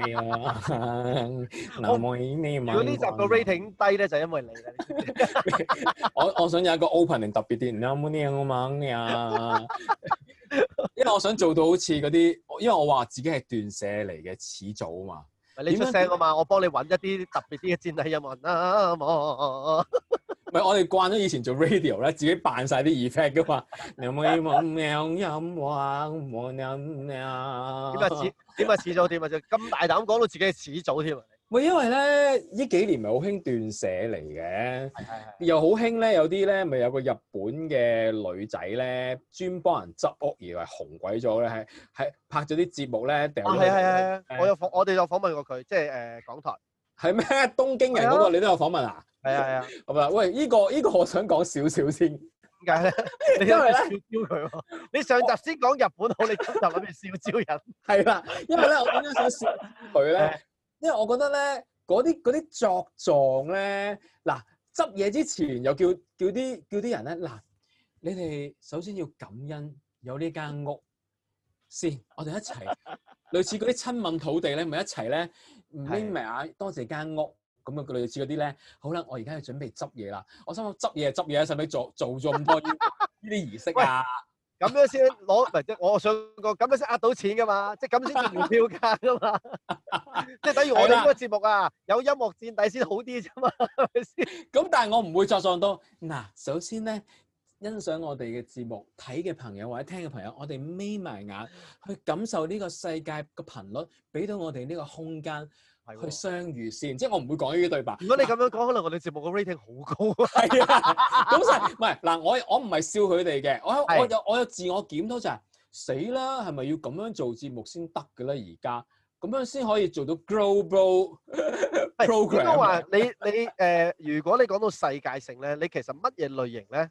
嗱，我呢 如果呢集個 rating 低咧，就係，因為你咧。你 我我想有一個 opening 特別啲，你啱唔啱先？我問你啊，因為我想做到好似嗰啲，因為我話自己係斷捨離嘅始祖啊嘛。你出聲啊嘛，樣我幫你揾一啲特別啲嘅戰地音韻啊。冇唔係我哋慣咗以前做 radio 咧，自己扮晒啲 effect 噶嘛。你點啊始點 啊，啊始祖點啊就咁、啊啊、 大膽講到自己係始祖添啊！咪因為咧，依幾年咪好興斷捨離嘅，又好興咧，有啲咧咪有個日本嘅女仔咧，專幫人執屋而係紅鬼咗咧，係係拍咗啲節目咧，掉。係係係，我有訪，我哋有訪問過佢，即係誒港台。係咩？東京人嗰個你都有訪問啊？係啊係啊，係咪？喂，依個依個我想講少少先，點解咧？因為笑招佢喎，你上集先講日本好，你今集諗住笑招人？係啦，因為咧，我點解想笑佢咧？因為我覺得咧，嗰啲嗰啲作狀咧，嗱執嘢之前又叫叫啲叫啲人咧，嗱你哋首先要感恩有呢間屋先，我哋一齊類似嗰啲親吻土地咧，咪一齊咧，唔明咩啊？多謝間屋咁樣，佢類似嗰啲咧。好啦，我而家要準備執嘢啦。我心諗執嘢就執嘢，使唔使做做咗咁多呢啲儀式啊？咁樣先攞，唔係即我想個咁樣先呃到錢噶嘛，即係咁先叫門票價噶嘛，即係 等於我哋呢個節目啊，的有音樂墊底先好啲啫嘛，係咪先？咁但係我唔會作狀多。嗱，首先咧，欣賞我哋嘅節目睇嘅朋友或者聽嘅朋友，我哋眯埋眼去感受呢個世界個頻率，俾到我哋呢個空間。佢相遇先，即係我唔會講呢啲對白。如果你咁樣講，嘗可能我哋節目嘅 rating 好高。係啊，咁就唔係嗱，我我唔係笑佢哋嘅，我我，是我有我有自我檢討就係死啦，係咪要咁樣做節目先得嘅咧？而家咁樣先可以做到 global program 你你誒、呃，如果你講到世界性咧，你其實乜嘢類型咧？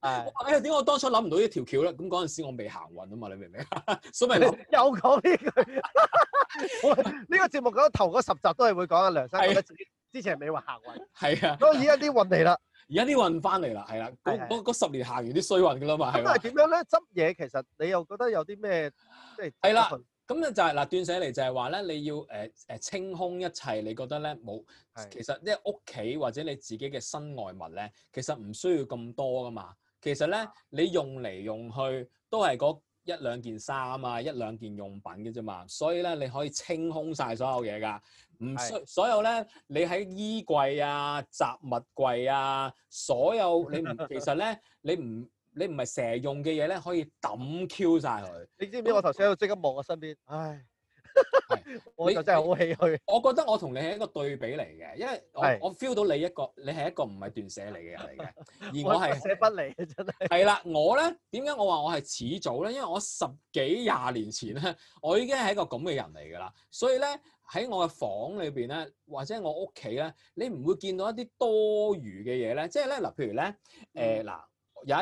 誒，哎呀，點解我當初諗唔到條呢條橋咧？咁嗰陣時我未行運啊嘛，你明唔明？ 所以我 又講呢句，呢、 呢個節目講頭嗰十集都係會講阿梁生，啊、之前未話行運，係啊，所以而啲運嚟啦，而家啲運翻嚟啦，係啦、啊，嗰十年行完啲衰運噶啦嘛，因係點樣咧？執嘢其實你又覺得有啲咩？即係係啦，咁啊就係、是、嗱，斷捨離就係話咧，你要誒誒、呃呃、清空一切，你覺得咧冇的的，其實即係屋企或者你自己嘅身外物咧，其實唔需要咁多噶嘛。其實咧，你用嚟用去都係嗰一兩件衫啊，一兩件用品嘅啫嘛。所以咧，你可以清空晒所有嘢噶，唔需係所有咧。你喺衣櫃啊、雜物櫃啊，所有你唔。 其實咧，你唔你唔係成日用嘅嘢咧，可以抌 Q 晒佢。你知唔知我頭先喺度即刻望我身邊？唉。我呢就真係好唏噓。 我覺得我同你係一個對比嚟嘅，因為我是我 feel 到你一個，你係一個唔係斷捨離嘅人嚟嘅，而我係捨不離嘅真係。係啦，我咧點解我話我係始祖咧？因為我十幾廿年前咧，我已經係一個咁嘅人嚟噶啦。所以咧，喺我嘅房裏邊咧，或者我屋企咧，你唔會見到一啲多餘嘅嘢咧。即係咧嗱，譬如咧誒嗱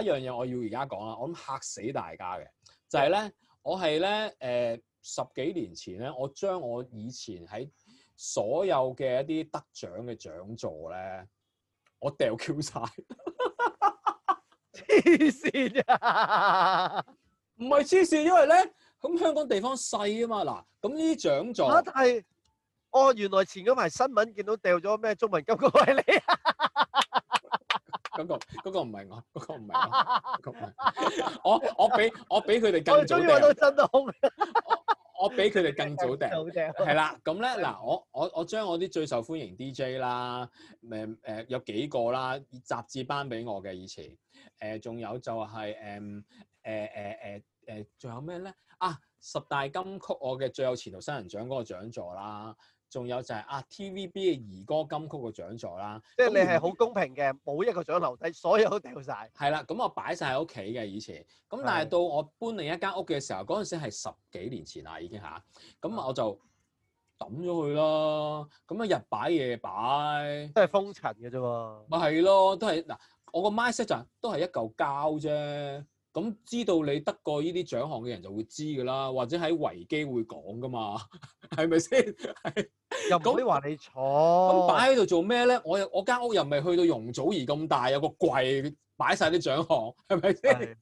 有一樣嘢我要而家講啊，我諗吓死大家嘅就係、是、咧，我係咧誒。呃呃十幾年前咧，我將我以前喺所有嘅一啲得獎嘅獎座咧，我掉 Q 曬，黐線啊！唔係黐線，因為咧，咁香港地方細啊嘛，嗱，咁呢啲獎座，啊，但係，哦，原來前嗰排新聞見到掉咗咩中文金曲嚟。嗰、那個唔係、那個、我，嗰、那個唔係，嗰、那個我、那個、我，我，我比我俾佢哋更早我，我比意我都震到空。我俾佢哋更早掟。係啦，咁咧嗱，我我我將我啲最受歡迎 DJ 啦、呃，誒誒有幾個啦，雜誌頒俾我嘅以前，誒、呃、仲有就係誒誒誒誒誒，仲、呃呃呃呃、有咩咧？啊，十大金曲我嘅最有前途新人獎嗰、那個獎座啦。仲有就係、是、啊 TVB 嘅兒歌金曲嘅獎座啦，即係你係好公平嘅，冇一個獎留低，所有都掉晒。係啦，咁我擺晒喺屋企嘅以前，咁但係到我搬另一間屋嘅時候，嗰陣時係十幾年前啦已經吓，咁、啊、我就抌咗佢咯。咁啊日擺夜擺，都係封塵嘅啫喎。咪係咯，都係嗱、啊，我個麥 set 就是、都係一嚿膠啫。咁知道你得過呢啲獎項嘅人就會知㗎啦，或者喺維基會講㗎嘛，係咪先？又唔好話你坐，咁擺喺度做咩咧？我又我間屋又唔係去到容祖兒咁大，有個櫃擺晒啲獎項，係咪先？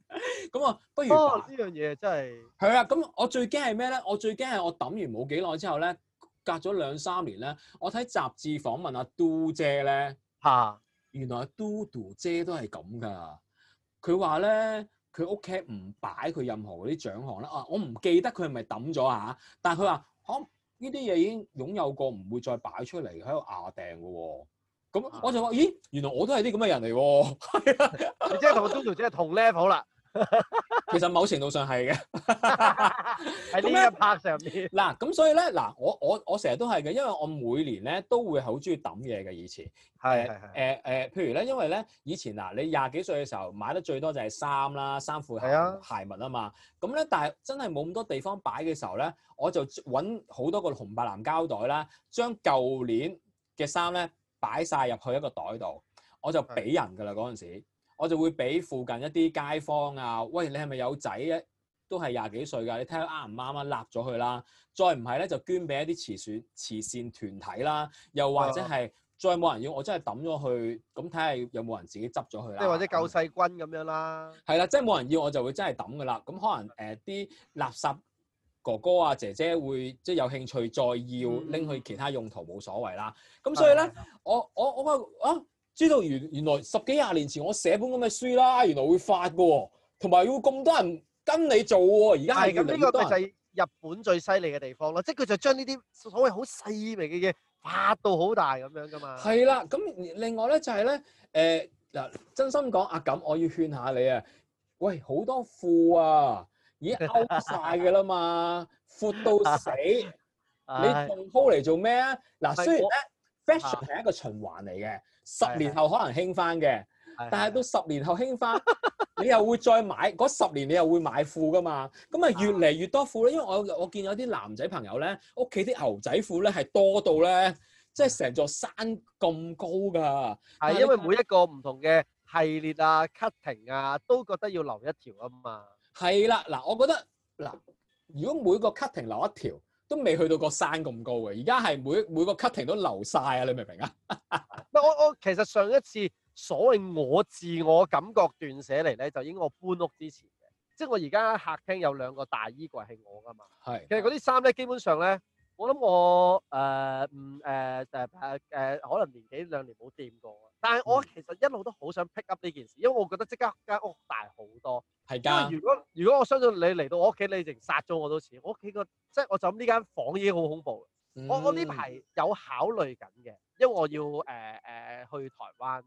咁啊，不如呢樣嘢真係係啊，咁我最驚係咩咧？我最驚係我揼完冇幾耐之後咧，隔咗兩三年咧，我睇雜誌訪問阿嘟姐咧吓？原來阿嘟嘟姐都係咁㗎。佢話咧。佢屋企唔擺佢任何嗰啲獎項啦，啊，我唔記得佢係咪抌咗吓，但係佢話可呢啲嘢已經擁有過，唔會再擺出嚟喺度牙掟嘅喎。咁、啊啊啊嗯、我就話咦，原來我都係啲咁嘅人嚟喎，係 啊， 即係同我 Do 姐同 level 啦。 其實某程度上係嘅、 嗯，喺呢一拍上面。嗱、嗯，咁所以咧，嗱、嗯，我我我成日都係嘅，因為我每年咧都會好中意抌嘢嘅。以前係，誒誒是、呃呃，譬如咧，因為咧，以前嗱，你廿幾歲嘅時候買得最多就係衫啦、衫褲鞋鞋襪啊嘛。咁咧，但係真係冇咁多地方擺嘅時候咧，我就搵好多個紅白藍膠袋啦，將舊年嘅衫咧擺晒入去一個袋度，我就俾人噶啦嗰陣時。我就會俾附近一啲街坊啊，喂，你係咪有仔咧？都係廿幾歲噶，你睇下啱唔啱啊？立咗佢啦，再唔係咧就捐俾一啲慈善慈善團體啦，又或者係的再冇人要，我真係抌咗去，咁睇下有冇人自己執咗佢啦。即係或者救世軍咁樣啦。係啦，即係冇人要我就會真係抌噶啦。咁可能誒啲、呃、垃圾哥哥啊姐姐會即係有興趣再要拎、嗯、去其他用途冇所謂啦。咁所以咧，我我我個啊～的知道原原來，十幾廿年前我寫本咁嘅書啦，原來會發㗎，同埋要咁多人跟你做喎。而家係咁，呢個就係日本最犀利嘅地方咯。即係佢就將呢啲所謂好細微嘅嘢發到好大咁樣噶嘛。係啦，咁另外咧就係、是、咧，誒、呃、嗱，真心講啊，咁我要勸下你啊，喂，好多褲啊，已經勾曬㗎啦嘛， 闊到死，你鋪嚟做咩啊？嗱，雖然咧。 Fashion 係一個循環嚟嘅，十年後可能興翻嘅，但係到十年後興翻，你又會再買嗰十年，你又會買褲噶嘛？咁啊越嚟越多褲咧，因為我我見有啲男仔朋友咧，屋企啲牛仔褲咧係多到咧，即係成座山咁高㗎。係，因為每一個唔同嘅系列啊、cutting 啊，都覺得要留一條啊嘛。係啦，嗱，我覺得，嗱，如果每個 cutting 留一條。都未去到個山咁高嘅，而家係每每個 cutting 都流晒啊！你明唔明啊？唔 我我其實上一次所謂我自我感覺斷捨離咧，就應該我搬屋之前嘅，即係我而家喺客廳有兩個大衣櫃係我㗎嘛。係是。其實嗰啲衫咧，基本上咧，我諗我誒嗯誒誒誒，可能年幾兩年冇掂過。但係我其實一路都好想 pick up 呢件事，因為我覺得即刻間屋大好多。係㗎、啊。如果如果我相信你嚟到我屋企，你淨殺咗我多錢。我屋企個即係我就咁呢間房已經好恐怖。嗯、我我呢排有考慮緊嘅，因為我要誒誒、呃呃、去台灣。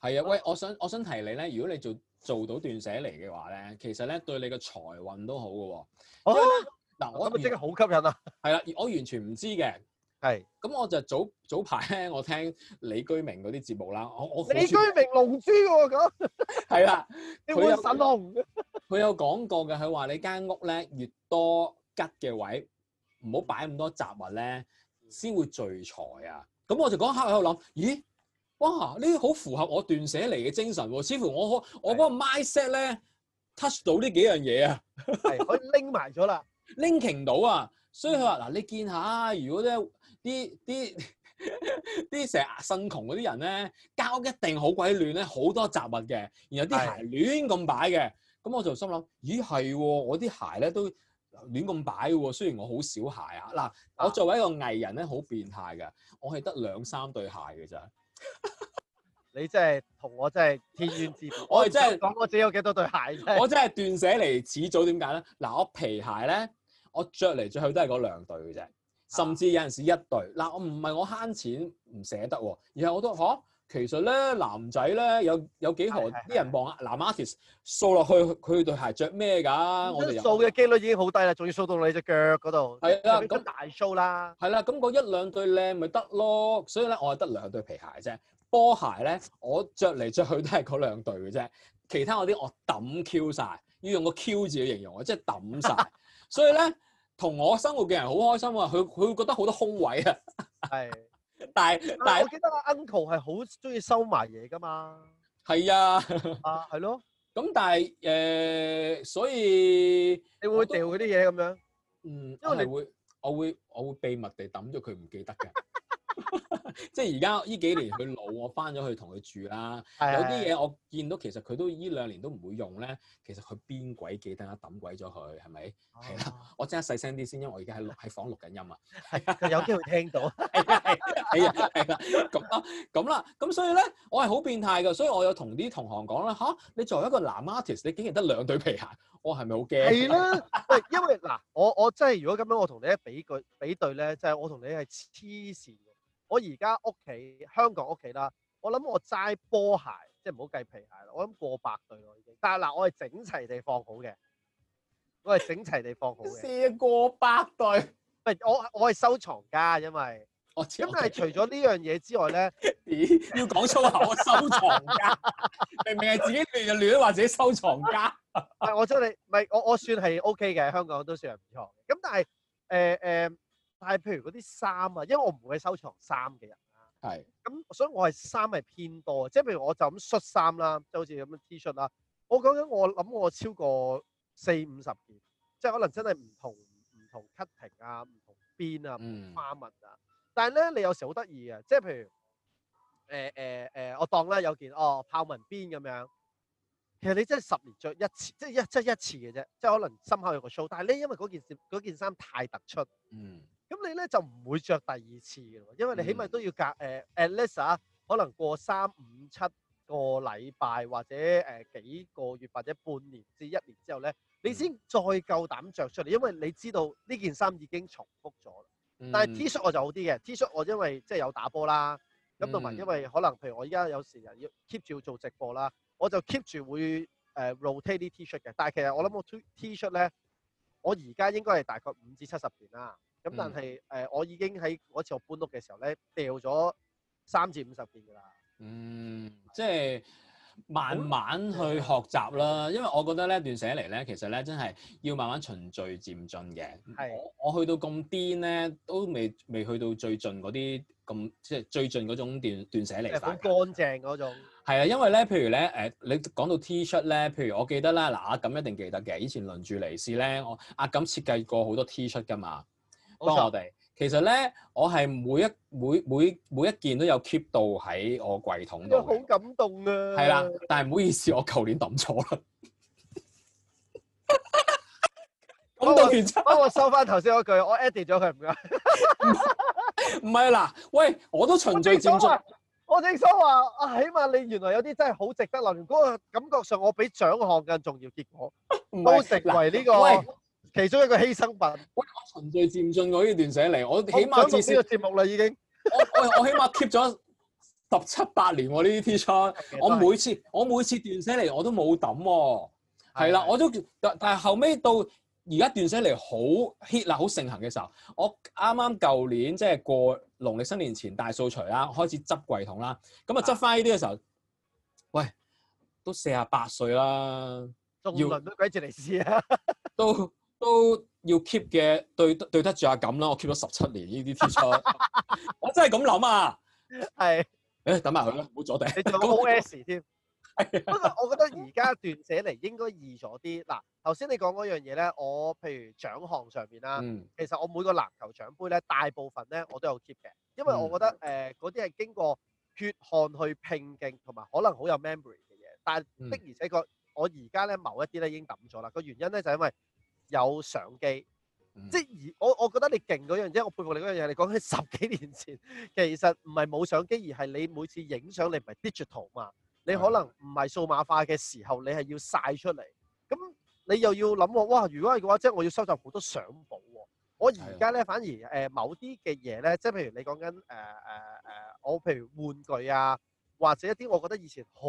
係啊的，喂，我想我想提你咧，如果你做做到斷捨離嘅話咧，其實咧對你嘅財運都好嘅喎。嗱，啊啊、我覺得即係好吸引啊。係啊，我完全唔知嘅。係，咁、嗯、我就早早排咧，我聽李居明嗰啲節目啦。我我李居明龍珠咁、啊，係啦，佢、 啊、有神龍。佢 有講過嘅，佢話你間屋咧，越多吉嘅位，唔好擺咁多雜物咧，先會聚財啊。咁、嗯、我就講一刻喺度諗，咦，哇，呢啲好符合我斷捨離嘅精神、啊，似乎我可、啊、我嗰個 mindset 咧 touch 到呢幾樣嘢啊，係， 我拎埋咗啦，拎停到啊，所以佢話嗱，你見下如果咧。啲啲啲成日身窮嗰啲人咧，間屋一定好鬼亂咧，好多雜物嘅，然後啲鞋亂咁擺嘅，咁的我就心諗，咦係，我啲鞋咧都亂咁擺嘅，雖然我好少鞋啊。嗱，我作為一個藝人咧，好變態嘅，我係得兩三對鞋嘅咋， 你真係同我真係天淵之別，我哋真係講我自己有幾多對鞋咧，我真係的斷捨離始祖點解咧？嗱，我皮鞋咧，我着嚟着去都係嗰兩對嘅啫。甚至有陣時一對，嗱，我唔係我慳錢唔捨得喎，而係我都嚇、啊，其實咧男仔咧有有，幾何啲人望啊？是是是男 artist 掃落去佢對鞋着咩㗎？我哋掃嘅機率已經好低的那啦，仲要掃到你隻腳嗰度，係啦，咁大 show 啦，係啦，咁嗰一兩對靚咪得咯，所以咧我係得兩對皮鞋啫，波鞋咧我着嚟着去都係嗰兩對嘅啫，其他我啲我抌 Q 晒，要用個 Q 字去形容，我即係抌晒。 所以咧。 同我生活嘅人好開心啊，佢佢會覺得好多空位啊，係 是，但係是但係我記得阿 Uncle 係好中意收埋嘢㗎嘛，係啊， 啊係咯，咁但係誒、呃，所以你會掉佢啲嘢咁樣，嗯，因為你會，我會我會，我會秘密地抌咗佢唔記得嘅。 即係而家呢幾年佢老，我翻咗去同佢住啦。 的有啲嘢我見到其，其實佢都呢兩年都唔會用咧。其實佢邊鬼記得啊抌鬼咗佢係咪？係啦，哦， 我真係細聲啲先，因為我而家喺喺房錄緊音啊。係 有機會聽到係啊係啊係啊咁啊咁啦咁， 所以咧我係好變態噶，所以我有同啲同行講啦吓。你作為一個男 artist，你竟然得兩對皮鞋，啊，我係咪好驚？係啦，唔因為嗱，我我真，我，我真係如果咁樣，我同你一比句比對咧，就係我同你係黐線。我而家屋企香港屋企啦，我諗我齋波鞋，即係唔好計皮鞋啦，我諗過百對咯已經。但係嗱，我係整齊地放好嘅，我係整齊地放好嘅。四啊過百對。唔係我我係收藏家，因為我知。咁但係除咗呢樣嘢之外咧，咦？要講粗口我收藏家，明明係自己亂就亂，或者收藏家。唔係我將你，唔係我我算係 OK 嘅，香港都算係唔錯嘅。咁但係誒誒。呃呃呃但係譬如嗰啲衫啊，因為我唔會收藏衫嘅人啊，係咁是，所以我係衫係偏多，即係譬如我就咁恤衫啦，就好似咁樣 T 恤啦。我講緊我諗我超過四五十件，即係可能真係唔同唔同 cutting 啊，唔同邊啊，唔同花紋啊。嗯、但係咧，你有時好得意嘅，即係譬如誒誒誒，我當啦有件哦豹紋邊咁樣，其實你真係十年着一次，即係一即一次嘅啫，即係可能心口有個 show。但係你因為嗰件件件衫太突出，嗯。咁你咧就唔會着第二次嘅，因為你起碼都要隔誒、呃、at least、啊、可能過三五七個禮拜或者誒、呃、幾個月或者半年至一年之後咧，嗯、你先再夠膽着出嚟，因為你知道呢件衫已經重複咗啦。但係 T-shirt 我就好啲嘅，T-shirt 我因為即係有打波啦，咁同埋因為可能譬如我依家有時啊要 keep 住做直播啦，我就 keep 住會誒、uh, rotate 啲 T-shirt 嘅。但係其實我諗我 T T-shirt 咧，我而家應該係大概五至七十年啦。咁但係誒、呃，我已經喺嗰次我搬屋嘅時候咧，掉咗三至五十件㗎啦。嗯，即、就、係、是、慢慢去學習啦，嗯、因為我覺得咧，斷捨離咧，其實咧真係要慢慢循序漸進嘅。係是我，我去到咁癲咧，都未未去到最盡嗰啲咁，即係最盡嗰種斷斷捨離。係好乾淨嗰種。係啊，因為咧，譬如咧，誒、欸，你講到 T 恤咧，譬如我記得啦，嗱，阿錦一定記得嘅。以前輪住嚟試咧，我阿錦設計過好多 T 恤㗎嘛。幫我哋，其實咧，我係每一每每每一件都有 keep 到喺我櫃桶度。好感動啊！係啦，但係唔好意思，我舊年抌錯啦。感動完，幫我收翻頭先嗰句，我 edit 咗佢唔該。唔係嗱，喂，我都循序漸進。我正想話啊，起碼你原來有啲真係好值得留。如果感覺上我比獎項更重要，結果都成為呢個。喂。其中一個犧牲品。喂，我循序漸進嗰啲斷捨離，我起碼至少，想做呢個節目啦，已經。 我我我起碼 keep 咗十七八年喎呢啲 T 恤。T 嗯、我每次是我每次斷捨離我都冇抌喎。係啦的，的我都但但係後尾到而家斷捨離好 hit 嗱，好盛行嘅時候，我啱啱舊年即係、就是、過農曆新年前大掃除啦，開始執櫃桶啦，咁啊執返呢啲嘅時候，的喂，都四十八歲啦。做倫敦鬼子嚟試啊！都要。都要 keep 嘅，對對得住阿錦啦，我 keep 咗十七年呢啲比賽，T shirt, 我真係咁諗啊，係是，誒、欸、等埋佢啦，唔好阻定，你做 OS 添 說， 不過我覺得而家斷捨離應該易咗啲，嗱，頭先你講嗰樣嘢咧，我譬如獎項上面啦，嗯、其實我每個籃球獎杯咧，大部分咧我都有 keep 嘅，因為我覺得誒嗰啲係經過血汗去拼勁，同埋可能好有 memory 嘅嘢，但的而且確我而家咧某一啲咧已經抌咗啦，個原因咧就因為。有相機，嗯、即係而我我覺得你勁嗰樣，即係我佩服你嗰樣嘢。你講起十幾年前，其實唔係冇相機，而係你每次影相，你唔係 digital 嘛？你可能唔係數碼化嘅時候，你係要晒出嚟。咁你又要諗喎，哇！如果係嘅話，即係我要收集好多相簿喎，啊。我而家咧反而誒、呃、某啲嘅嘢咧，即係譬如你講緊誒誒誒，我譬如玩具啊，或者一啲我覺得以前好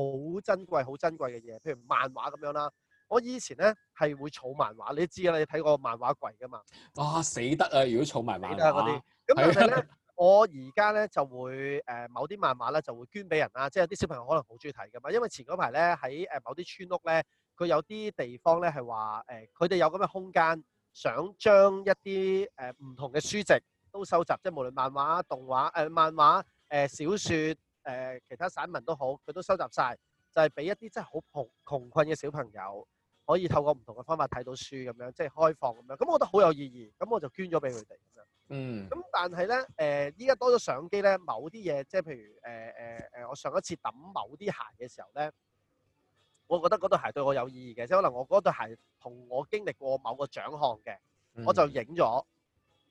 珍貴好珍貴嘅嘢，譬如漫畫咁樣啦。我以前呢係會儲漫畫，你知嘅啦，你睇過漫畫櫃嘅嘛？哇，死得啊！如果儲漫畫，死得嗰啲。咁但係呢，我而家呢就會誒某啲漫畫呢就會捐俾人啦。即係有啲小朋友可能好中意睇嘅嘛。因為前嗰排呢喺誒某啲村屋呢，佢有啲地方咧係話誒，佢哋有咁嘅空間，想將一啲誒唔同嘅書籍都收集，即係無論漫畫、動畫、誒漫畫、誒小説、誒其他散文都好，佢都收集晒，就係俾一啲真係好窮窮困嘅小朋友。可以透過唔同嘅方法睇到書咁樣，即係開放咁樣，咁我覺得好有意義，咁我就捐咗俾佢哋咁樣。嗯。咁但係咧，誒依家多咗相機咧，某啲嘢，即係譬如誒誒誒，我上一次揼某啲鞋嘅時候咧，我覺得嗰對鞋對我有意義嘅，即係可能我嗰對鞋同我經歷過某個獎項嘅，嗯、我就影咗，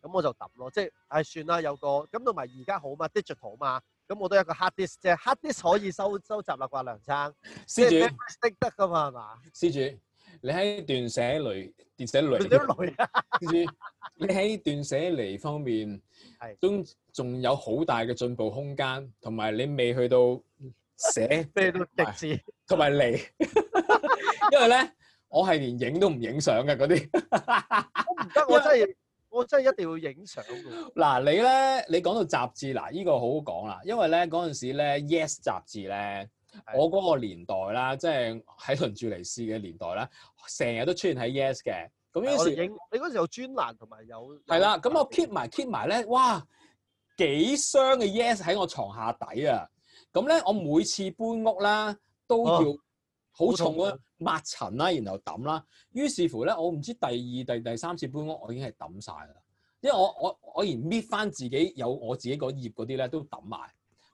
咁我就揼咯。即係誒、哎、算啦，有個咁同埋而家好嘛，digital 啊嘛，咁我都有個 hard disk，即係 hard disk 可以收收集啦啩，梁生。施主。識得噶嘛，係嘛？施主。你喺斷捨離，斷捨離，你喺斷捨離方面，都仲有好大嘅進步空間，同埋你未去到捨，未到極致，同埋離，因為咧，我係連影都唔影相嘅嗰啲。我唔得，我真係，我真係一定要影相嘅。嗱，你咧，你講到雜誌，嗱，呢個好好講啦，因為咧，嗰陣時咧，Yes 雜誌咧。我嗰個年代啦，即係喺輪住嚟試嘅年代啦，成日都出現喺 Yes 嘅。咁於是，係你嗰時候有專欄同埋有。係啦，咁我 keep 埋 keep 埋咧，哇！幾箱嘅 Yes 喺我床下底啊！咁咧，我每次搬屋啦，都要好重嘅，抹塵啦，然後揼啦。於是乎咧，我唔知第二、第二第三次搬屋，我已經係揼晒啦。因為我我我連搣翻自己有我自己嗰頁嗰啲咧，都揼埋。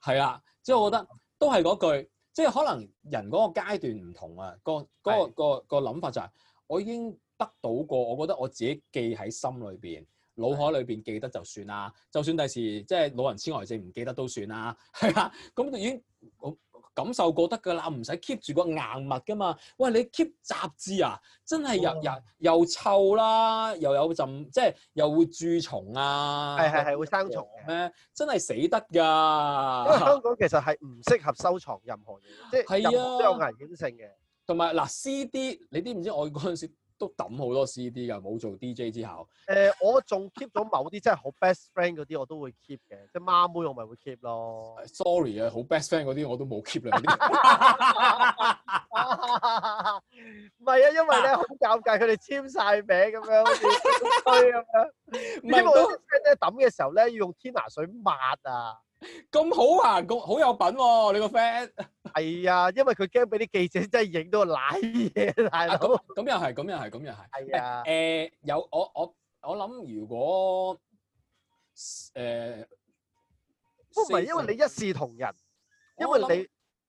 係啊，即係我覺得都係嗰句。即係可能人嗰個階段唔同啊，嗰個嗰是的、嗰個、嗰個、嗰個諗法就係，我已經得到過，我覺得我自己記喺心裏邊、腦海裏邊記得就算啦是的，就算第時即係老人痴呆症唔記得都算啦，係啊，咁就已經好。感受過得㗎啦，唔使 keep 住個硬物㗎嘛。喂，你 keep 雜誌啊，真係日日又臭啦，又有陣即係又會蛀蟲啊，係係係會生蟲咩？真係死得㗎。因為香港其實係唔適合收藏任何嘢，即係、啊、都有危險性嘅。同埋嗱，CD 你知唔知外國陣時。都抌好多 CD 㗎，冇做 DJ 之後。誒、欸，我仲 keep 咗某啲 真係好 best friend 嗰啲，我都會 keep 嘅。即係孖妹，我咪會 keep 咯。Sorry 啊，好 best friend 嗰啲我都冇 keep 啦。唔係啊，因為咧好尷尬，佢哋簽晒名咁樣，好似夫妻咁樣。唔 是知我 friend 咧抌嘅時候咧要用天拿水抹啊？咁好行，個好有品喎、啊！你個 friend 係啊，因為佢驚俾啲記者真係影到奶嘢，大佬。咁又係，咁又係，咁又係。係啊。誒、啊欸，有我我我諗如果誒，都唔係因為你一視同仁，我 因為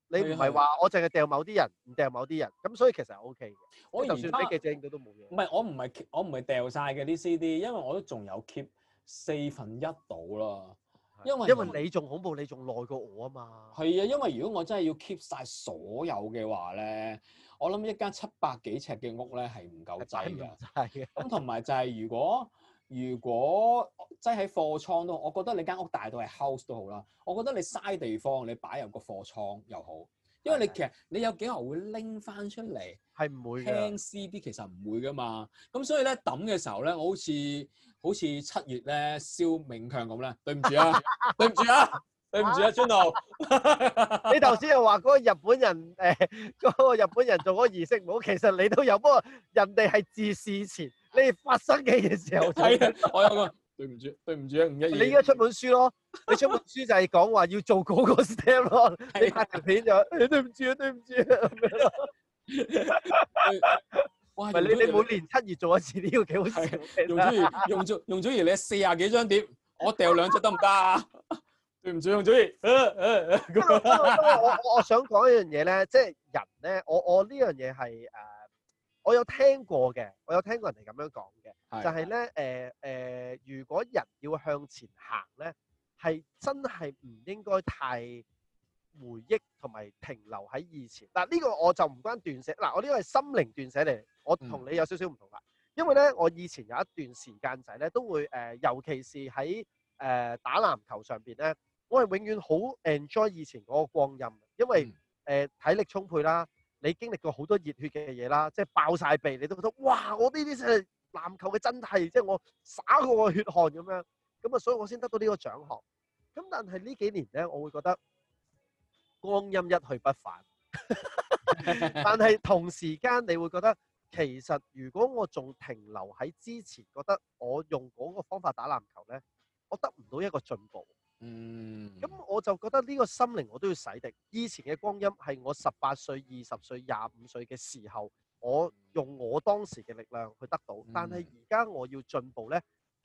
你想你唔係話我淨係掉某啲人，唔掉某啲人，咁所以其實 O K 嘅。我就算俾記者影到都冇嘢。唔係我唔係我唔係掉晒嘅啲 C D，因為我都仲有 keep 四分一到啦。因為，因為你仲恐怖，你仲耐過我啊嘛！係啊，因為如果我真係要 keep 晒所有嘅話咧，我諗一間七百幾尺嘅屋咧係唔夠擠嘅。係啊，咁同埋就係如果如果擠喺貨倉都，我覺得你間屋大到係 house 都好啦。我覺得你嘥地方，你擺入個貨倉又好，因為你其實你有幾何會拎翻出嚟？係唔會輕絲啲，其實唔會噶嘛。咁所以咧抌嘅時候咧，我好似～好似七月咧，蕭明強咁咧，對唔住啊， 對唔住啊， 對唔住啊，尊導 ， 你頭先又話嗰個日本人誒，嗰、欸嗰個日本人做嗰個儀式唔好。其實你都有，不過人哋係自事前，你發生嘅嘢時候，係我有啊，對唔住，對唔住啊，唔一你而家出本書咯，你出本書 就係講話要做嗰個 step 咯，你拍條片就你 對唔住啊，對唔住 喂，你你每年七月做一次呢個幾好睇？容祖兒，容祖，容祖兒，你四廿幾張碟，我掉兩隻得唔得？ 對唔住，容祖兒。因 我我想講一樣嘢咧，即係人咧，我我呢樣嘢係誒，uh, 我有聽過嘅，我有聽過人哋咁樣講嘅， 就係咧誒誒，uh, uh, 如果人要向前行咧，係真係唔應該太。回憶同埋停留喺以前，嗱，呢個我就唔關斷捨，嗱，我呢個係心靈斷捨嚟，我同你有少少唔同啦，因為咧我以前有一段時間仔咧都會誒，尤其是喺誒打籃球上邊咧，我係永遠好 enjoy 以前嗰個光陰，因為誒體力充沛啦，你經歷過好多熱血嘅嘢啦，即係爆曬鼻，你都覺得哇！我呢啲真係籃球嘅真諦，即係我灑過個血汗咁樣，咁啊，所以我先得到呢個獎項。咁但係呢幾年咧，我會覺得。光陰一去不返， 但係同時間你會覺得其實如果我仲停留喺之前，覺得我用嗰個方法打籃球呢，我得唔到一個進步。嗯，咁我就覺得呢個心靈我都要洗滌。以前嘅光陰係我十八歲、二十歲、廿五歲嘅時候，我用我當時嘅力量去得到，但係而家我要進步呢。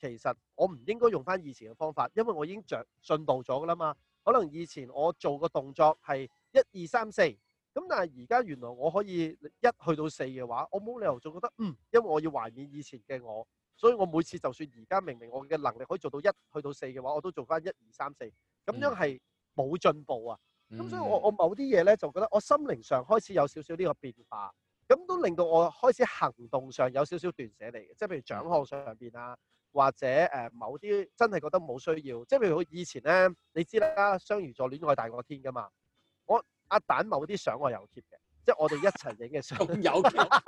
其實我唔應該用翻以前嘅方法，因為我已經著進步咗㗎啦嘛。可能以前我做個動作係一二三四，咁但係而家原來我可以一去到四嘅話，我冇理由仲覺得嗯，因為我要懷念以前嘅我，所以我每次就算而家明明我嘅能力可以做到一去到四嘅話，我都做翻一二三四，咁樣係冇進步啊。咁、嗯、所以我我某啲嘢咧就覺得我心靈上開始有少少呢個變化，咁都令到我開始行動上有少少斷捨離嘅，即係譬如獎項上邊啦。嗯或者誒、呃、某啲真係覺得冇需要，即係譬如好以前咧，你知啦，雙魚座戀愛大過天㗎嘛。我阿蛋某啲相我有 keep 嘅，即係我哋一齊影嘅相有 keep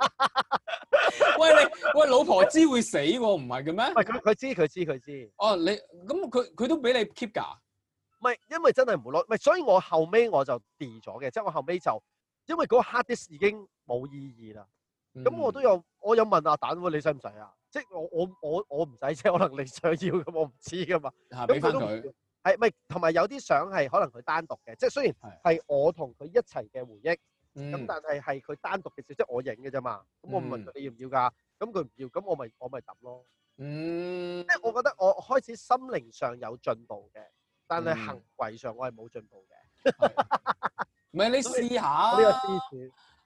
喂你喂老婆知會死喎、啊，唔係嘅咩？咁，佢知佢知佢知。哦，你咁佢佢都俾你 keep 㗎？唔係，因為真係唔攞，唔係，所以我後屘我就掉咗嘅，即、就、係、是、我後屘就因為嗰 hard disk 已經冇意義啦。咁、嗯、我都有，我有問阿蛋喎，你使唔使啊？即我我我我唔使啫，可能你想要咁，我唔知噶嘛。咁佢、啊、都係咪同埋有啲相係可能佢單獨嘅，即雖然係我同佢一齊嘅回憶，咁、嗯、但係係佢單獨嘅事，即我影嘅啫嘛。咁我問佢你要唔要噶？咁佢唔要，咁我咪我咪揼咯。嗯，我我嗯即我覺得我開始心靈上有進步嘅，但係行為上我係冇進步嘅。唔係、嗯、 你試下。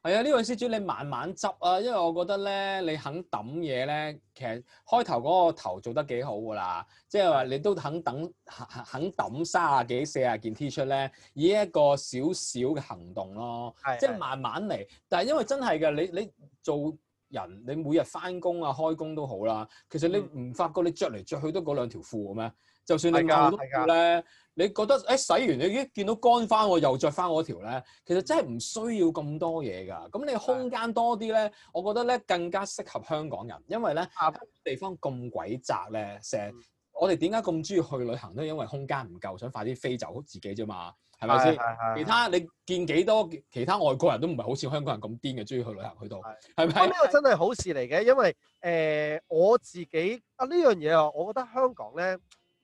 係啊，呢位施主，你慢慢執啊，因為我覺得咧，你肯抌嘢咧，其實開頭嗰個頭做得幾好噶啦，即係話你都肯等肯抌三啊幾四啊件 T 恤咧，以一個少少嘅行動咯，的即係慢慢嚟。但係因為真係嘅，你你做人，你每日翻工啊、開工都好啦，其實你唔發覺你着嚟着去都嗰兩條褲嘅咩？就算你舊嗰套咧，你覺得誒洗完你已經見到乾翻，我又著翻嗰條咧，其實真係唔需要咁多嘢㗎。咁你空間多啲咧，我覺得咧更加適合香港人，因為咧地方咁鬼窄咧，成日我哋點解咁中意去旅行都係因為空間唔夠，想快啲飛走自己啫嘛，係咪先？其他你見幾多其他外國人都唔係好似香港人咁癲嘅，中意去旅行去到，係咪？呢個真係好事嚟嘅，因為誒我自己啊呢樣嘢啊，我覺得香港咧。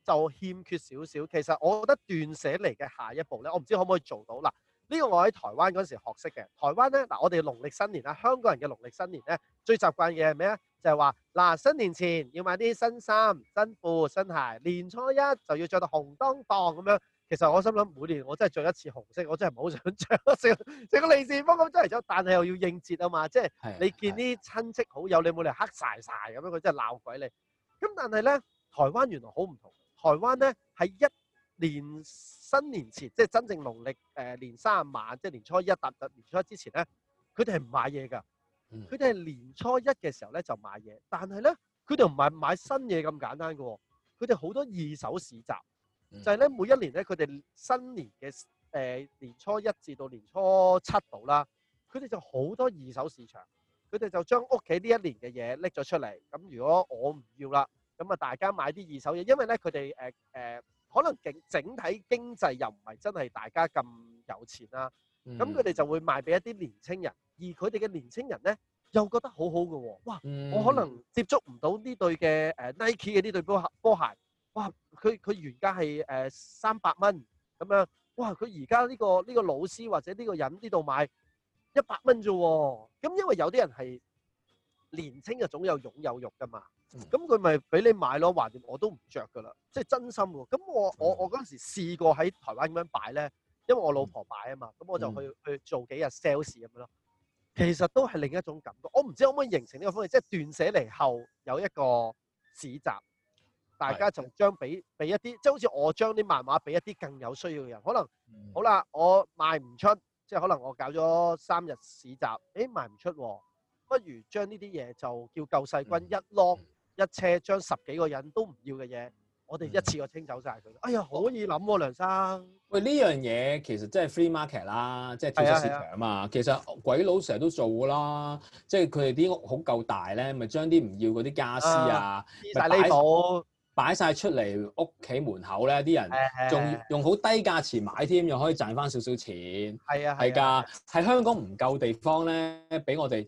就欠缺少少，其實我覺得斷捨離嘅下一步咧，我唔知可唔可以做到喇。呢個我喺台灣嗰陣時學識嘅。台灣咧，嗱我哋農曆新年啊，香港人嘅農曆新年咧，最習慣嘅係咩啊？就係話嗱，新年前要買啲新衫、新褲、新鞋，年初一就要着到紅當當咁樣。其實我心諗每年我真係着一次紅色，我真係唔好想著。成 個，個利是封咁出嚟走，但係又要應節啊嘛，即係你見啲親戚好友你冇理由黑晒晒咁樣，佢真係鬧鬼你。咁但係咧，台灣原來好唔同。台灣咧，喺一年新年前，即係真正農曆誒、呃、年卅晚，即係年初一突突年初一之前咧，佢哋係唔買嘢㗎。佢哋係年初一嘅時候咧就買嘢，但係咧佢哋唔係買新嘢咁簡單㗎。佢哋好多二手市集，就係、是、咧每一年咧佢哋新年嘅誒、呃、年初一至到年初七度啦，佢哋就好多二手市場，佢哋就將屋企呢一年嘅嘢拎咗出嚟。咁如果我唔要啦。咁啊，大家買啲二手嘢，因為咧佢哋誒誒，可能整整體經濟又唔係真係大家咁有錢啦、啊。咁佢哋就會賣俾一啲年青人，而佢哋嘅年青人咧又覺得好好嘅喎。哇，嗯、我可能接觸唔到呢對嘅誒、呃、Nike 嘅呢對波鞋，波鞋。哇，佢佢原價係誒三百蚊咁樣。哇，佢而家呢個呢、呢個老師或者呢個人呢度買一百蚊啫喎。咁因為有啲人係。年青嘅總有擁有慾噶嘛，咁佢咪俾你買咯？橫掂我都唔着噶啦，即係真心喎。咁我、嗯、我我嗰陣時試過喺台灣咁樣擺咧，因為我老婆擺啊嘛，咁、嗯、我就去去做幾日 sales 咁樣咯。其實都係另一種感覺，我唔知可唔可以形成呢個方式，即係斷捨離後有一個市集，大家就將俾俾一啲，即係好似我將啲漫畫俾一啲更有需要嘅人。可能、嗯、好啦，我賣唔出，即係可能我搞咗三日市集，誒、欸、賣唔出喎。不如將呢啲嘢就叫救世軍一攞一車，將十幾個人都唔要嘅嘢，我哋一次過清走晒佢。哎呀，可以諗喎、啊，梁生。喂，呢樣嘢其實即係 free market 啦，即係跳蚤市場啊嘛。啊啊其實鬼佬成日都做噶啦，即係佢哋啲屋好夠大咧，咪將啲唔要嗰啲家私啊，但係呢度擺晒出嚟屋企門口咧，啲人仲用好低價錢買添，又可以賺翻少少錢。係啊，係㗎、啊。喺香港唔夠地方咧，俾我哋。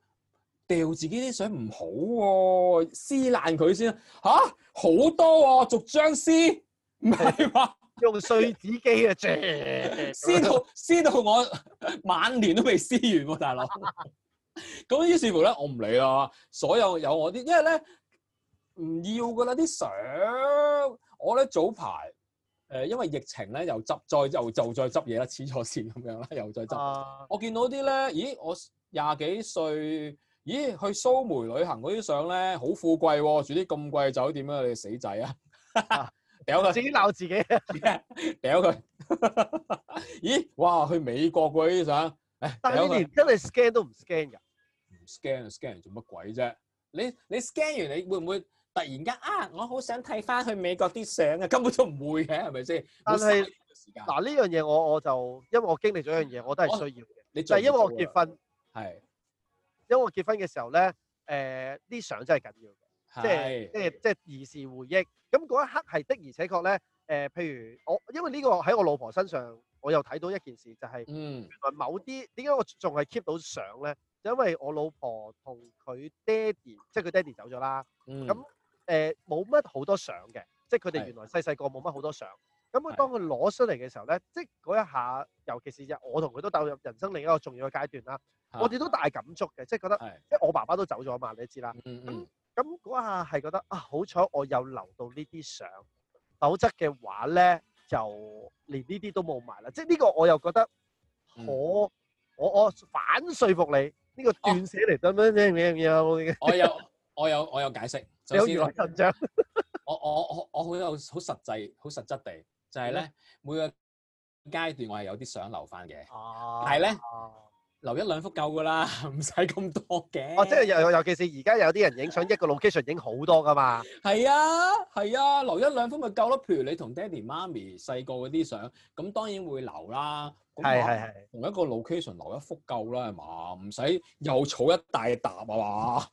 掉自己啲相唔好喎、啊，撕爛佢先吓、啊啊，好多喎、啊，逐張撕，唔係嘛？ 用碎紙機啊，啫！撕到撕到我 晚年都未撕完喎、啊，大佬。咁 於是乎咧，我唔理啦，所有有我啲，因為咧唔要㗎啦啲相。我咧早排誒，因為疫情咧又執，再又就再執嘢啦，黐錯線咁樣啦，又再執。Uh, 我見到啲咧，咦？我廿幾歲，歲。咦，去蘇梅旅行嗰啲相咧，好富貴喎、啊，住啲咁貴酒店啊！你死仔啊！屌 佢它，自己鬧自己屌、啊、佢 掉它！ 咦，哇，去美國嗰啲相，但係你連真係 scan 都唔 scan 噶，唔 scan scan 做乜鬼啫？你你 scan 完你會唔會突然間啊，我好想睇翻去美國啲相啊？根本都唔會嘅，係咪先？但係嗱呢樣嘢，我我就因為我經歷咗一樣嘢，我都係需要嘅，就係因為我結婚係。因為我結婚嘅時候咧，誒、呃、啲相真係緊要嘅的，即係即係即係兒時回憶。咁嗰一刻係的，而且確咧，誒、呃、譬如我，因為呢個喺我老婆身上，我又睇到一件事就係、是，嗯、原來某啲點解我仲係 keep 到相咧？就因為我老婆同佢爹哋，即係佢爹哋走咗啦。咁誒冇乜好多相嘅，即係佢哋原來細細個冇乜好多相。咁佢當佢攞出嚟嘅時候咧，即係嗰一下，尤其是我同佢都踏入人生另一個重要嘅階段啦。我哋都大感觸嘅，即係覺得，即係我爸爸都走咗啊嘛，你知啦。咁咁嗰下係覺得啊，好彩我有留到呢啲相，否則嘅話咧就連呢啲都冇埋啦。即係呢個我又覺得可，我我反説服你呢個斷捨離，咁樣啫，我有我有我有解釋，有留印象。我我我我好有好實際好實質地就係咧每個階段我係有啲想留翻嘅，但係咧。留一兩幅夠㗎喇，唔使咁多嘅。哦、啊，即係尤尤其是而家有啲人影相，一個 location 影好多㗎嘛。係啊，係啊，留一兩幅咪夠咯。譬如你同爹哋媽咪細個嗰啲相，咁當然會留啦。係係係，同一個 location 留一幅夠啦，係嘛？唔使又儲一大沓啊嘛。啊，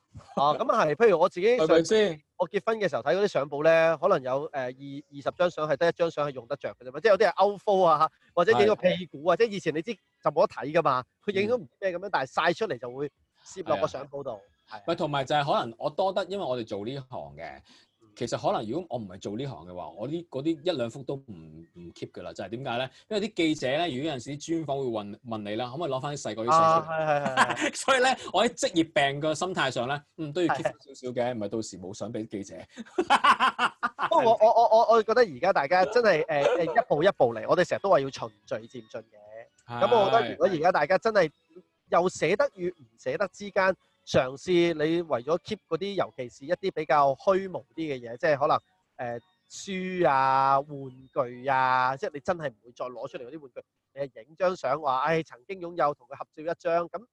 咁啊係，譬如我自己上，係咪先？我結婚嘅時候睇嗰啲相簿咧，可能有誒二二十張相，係得一張相係用得着嘅啫嘛。即係有啲係歐風啊，或者幾個屁股啊，的即係以前你知就冇得睇噶嘛。佢影到唔咩咁樣，嗯、但係晒出嚟就會攝落個相簿度。係的，同埋的就係可能我多得，因為我哋做呢行嘅。其實可能如果我唔係做呢行嘅話，我啲嗰啲一兩幅都唔唔 keep 嘅啦。就係點解咧？因為啲記者咧，如果有陣時專訪會問問你啦，可唔可以攞翻啲細個啲相出嚟？啊、 所以咧，我喺職業病嘅心態上咧，嗯都要 keep 少少嘅，唔係的到時冇相俾記者。不 過我我我我我覺得而家大家真係誒誒一步一步嚟，我哋成日都話要循序漸進嘅。咁的我覺得如果而家大家真係又捨得與唔捨得之間。嘗試你為咗 keep 嗰啲，尤其是一啲比較虛無啲嘅嘢，即係可能誒、呃、書啊、玩具啊，即係你真係唔會再攞出嚟嗰啲玩具，你影張相話，唉、哎，曾經擁有，同佢合照一張。咁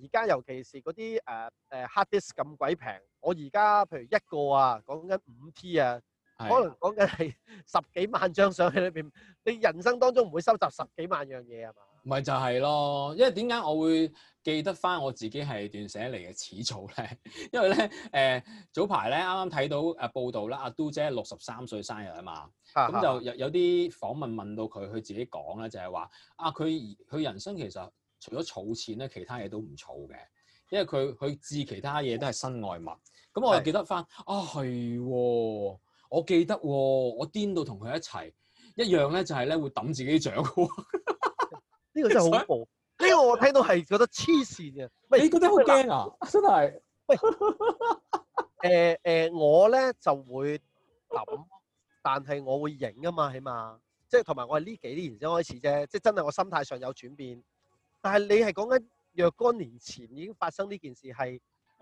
而家尤其是嗰啲誒誒 hard disk 咁鬼平，我而家譬如一個啊，講緊五 T 啊，的可能講緊係十幾萬張相喺裏邊，你人生當中唔會收集十幾萬樣嘢係嘛？咪就係咯，因為點解我會記得翻我自己係斷捨離嘅始祖咧？ 因為咧，誒、呃、早排咧，啱啱睇到誒報道啦，阿 Do 姐六十三歲生日啊嘛，咁、啊啊啊、就有有啲訪問問到佢，佢自己講咧就係話啊，佢佢人生其實除咗儲錢咧，其他嘢都唔儲嘅，因為佢佢知其他嘢都係身外物。咁、啊、我又記得翻的啊，係，我記得，我癲到同佢一齊一樣咧，就係、是、咧會揼自己獎。 呢個真係好恐怖，呢個我聽到係覺得黐線嘅。喂，你覺得好驚啊？真係？喂，誒誒，我咧就會諗，但係我會影啊嘛，起碼即係同埋我係呢幾年先開始啫，即係真係我心態上有轉變。但係你係講緊若干年前已經發生呢件事，係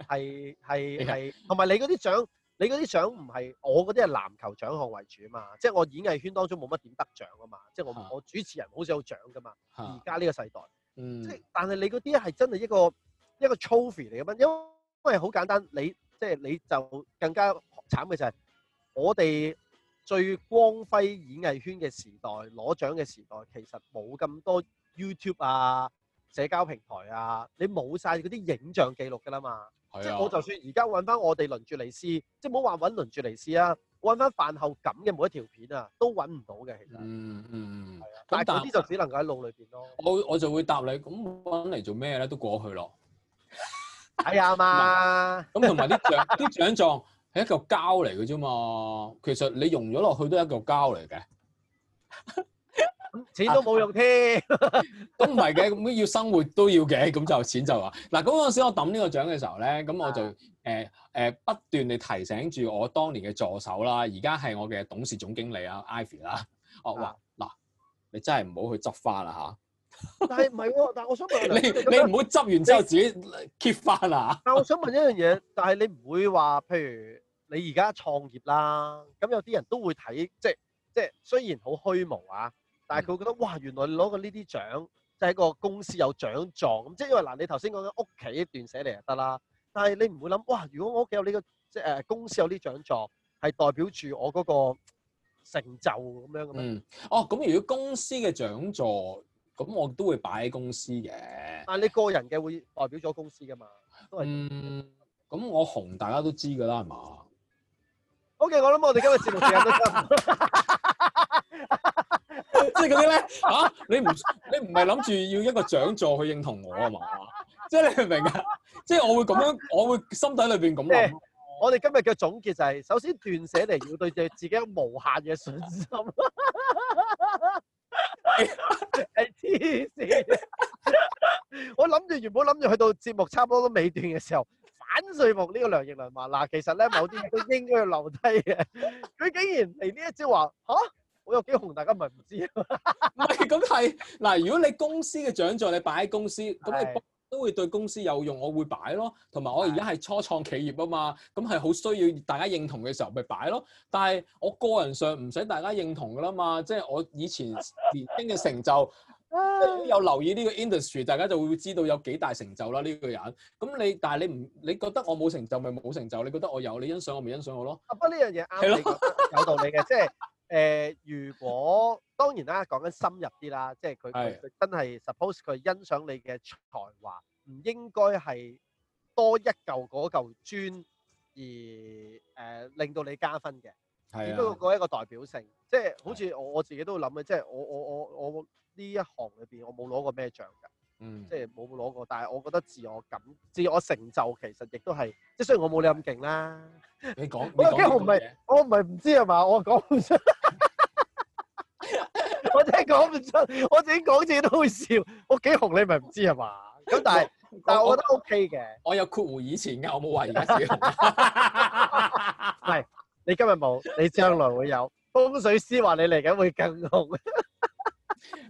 係係係，同埋你嗰啲獎。你嗰啲獎唔係，我嗰啲係籃球獎項為主嘛，即係我演藝圈當中冇乜點得獎啊嘛，啊即係我我主持人好少有獎噶嘛，而家呢個世代，嗯、即係但係你嗰啲係真係一個一個 trophy 嚟嘅嘛，因為好簡單，你即係、就是、你就更加慘嘅就係我哋最光輝演藝圈嘅時代攞獎嘅時代，其實冇咁多 YouTube 啊、社交平台啊，你冇晒嗰啲影像記錄㗎啦嘛。即係我就算而家揾翻我哋輪住嚟試，即係唔好話揾輪住嚟試啊！揾翻飯後咁嘅每一條片啊，都揾唔到嘅，其實。嗯嗯嗯，係啊。咁但係呢就只能夠喺腦裏邊咯。我我就會答你，咁揾嚟做咩咧？都過去咯，睇下嘛。咁同埋啲獎，啲獎狀係一嚿膠嚟嘅啫嘛。其實你溶咗落去都係一嚿膠嚟嘅。錢都冇用添、啊，都唔係嘅，咁要生活都要嘅，咁就錢就話嗱。嗰陣時我抌呢個獎嘅時候咧，咁我就誒誒、啊呃呃、不斷地提醒住我當年嘅助手啦。而家係我嘅董事總經理啊，Ivy 啦，哦，我話嗱，你真係唔好去執返啦吓、啊？但係唔係喎？但係我想問 你，是我 roar, 你唔好執完之後自己 keep 返啊？但係我想問一樣嘢，但係你唔會話，譬如你而家創業啦，咁有啲人都會睇，即、係、即、係、雖然好虛無啊。但係佢會覺得哇，原來你攞個呢啲獎，即係一個公司有獎狀咁，即係因為嗱，你頭先講緊屋企一段寫嚟就得啦。但係你唔會諗哇，如果我屋企有呢個即係誒公司有啲獎座，係代表住我嗰個成就咁樣嘅咩？嗯，哦，咁如果公司嘅獎座，咁我都會擺喺公司嘅。但係你個人嘅會代表咗公司噶嘛？都係嗯，咁我紅大家都知噶啦，係嘛？OK，我諗我哋今日節目時間都夠。即係嗰啲咧，吓你唔你唔係諗住要一個獎座去認同我啊嘛？即係你明唔明啊？即係我會咁樣，我會心底裏邊咁諗。我哋今日嘅總結就係，首先斷捨離要對自己有無限嘅信心。係黐線！我諗住原本諗住去到節目差唔多都尾段嘅時候，反序幕呢個梁亦良話：嗱，其實咧某啲嘢都應該要留低嘅。佢竟然嚟呢一招話吓。我有幾紅，大家咪唔知咯。唔係咁係嗱，如果你公司嘅獎座你擺喺公司，咁的你都會對公司有用，我會擺咯。同埋我而家係初創企業啊嘛，咁係好需要大家認同嘅時候，咪擺咯。但係我個人上唔使大家認同噶啦嘛，即係我以前年輕嘅成就。 如果有留意呢個 industry，大家就會知道有幾大成就啦呢、呢個人。咁你但係你唔，你覺得我冇成就咪冇成就，你覺得我有，你欣賞我咪欣賞我咯。不過呢樣嘢啱你，有道理嘅，即、就、係、是。 誒、呃，如果當然啦，講緊深入啲啦， 即係佢佢佢真係 suppose 佢欣賞你嘅才華，唔應該係多一舊舊磚，而、呃、誒令到你加分嘅，係只不過個一個代表性，即係好似我 我自己都會諗嘅，即、就、係、是、我我我我呢一行裏邊我冇攞過咩獎㗎。嗯，即係冇攞過，但係我覺得自我感、自我成就其實亦都係，即係雖然我冇你咁勁啦。你講，我幾紅唔係，我唔係唔知係嘛，我講唔出，我真係講唔出，我自己講自，自己都會笑。我幾紅你咪唔知係嘛？咁但係，但係我覺得 OK 嘅。我有括弧：以前㗎，我冇話而家少紅。你今日冇，你將來會有。風水師話你嚟緊會更紅。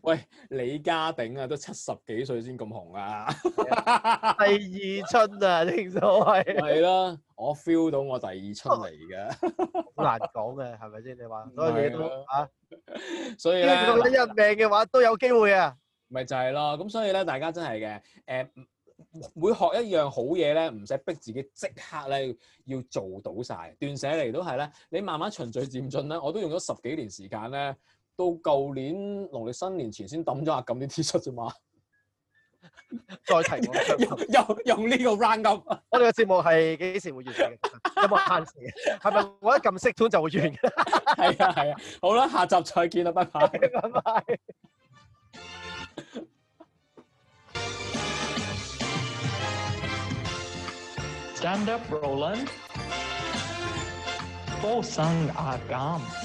喂，李家鼎啊，都七十幾歲先咁紅啊！ 第二春啊，正所謂。係啦，我 feel 到我第二春嚟㗎好 難講嘅係咪先？你話所有嘢都吓，所以啊，用一人命嘅話都有機會啊。咪就係咯，咁所以咧，大家真係嘅，誒，每學一樣好嘢咧，唔使逼自己即刻咧要做到晒。斷捨離嚟都係咧，你慢慢循序漸進咧。我都用咗十幾年時間咧。呢到舊年農曆新年前先抌咗阿金啲 T-shirt 啫嘛，再提我，又用呢個 round 金。我哋嘅節目係幾時會完嘅？有冇限時嘅？係咪我一撳息通就會完？係啊係啊，好啦，下集再見啦，拜拜。Stand up, Roland。For Sung Ah Gum。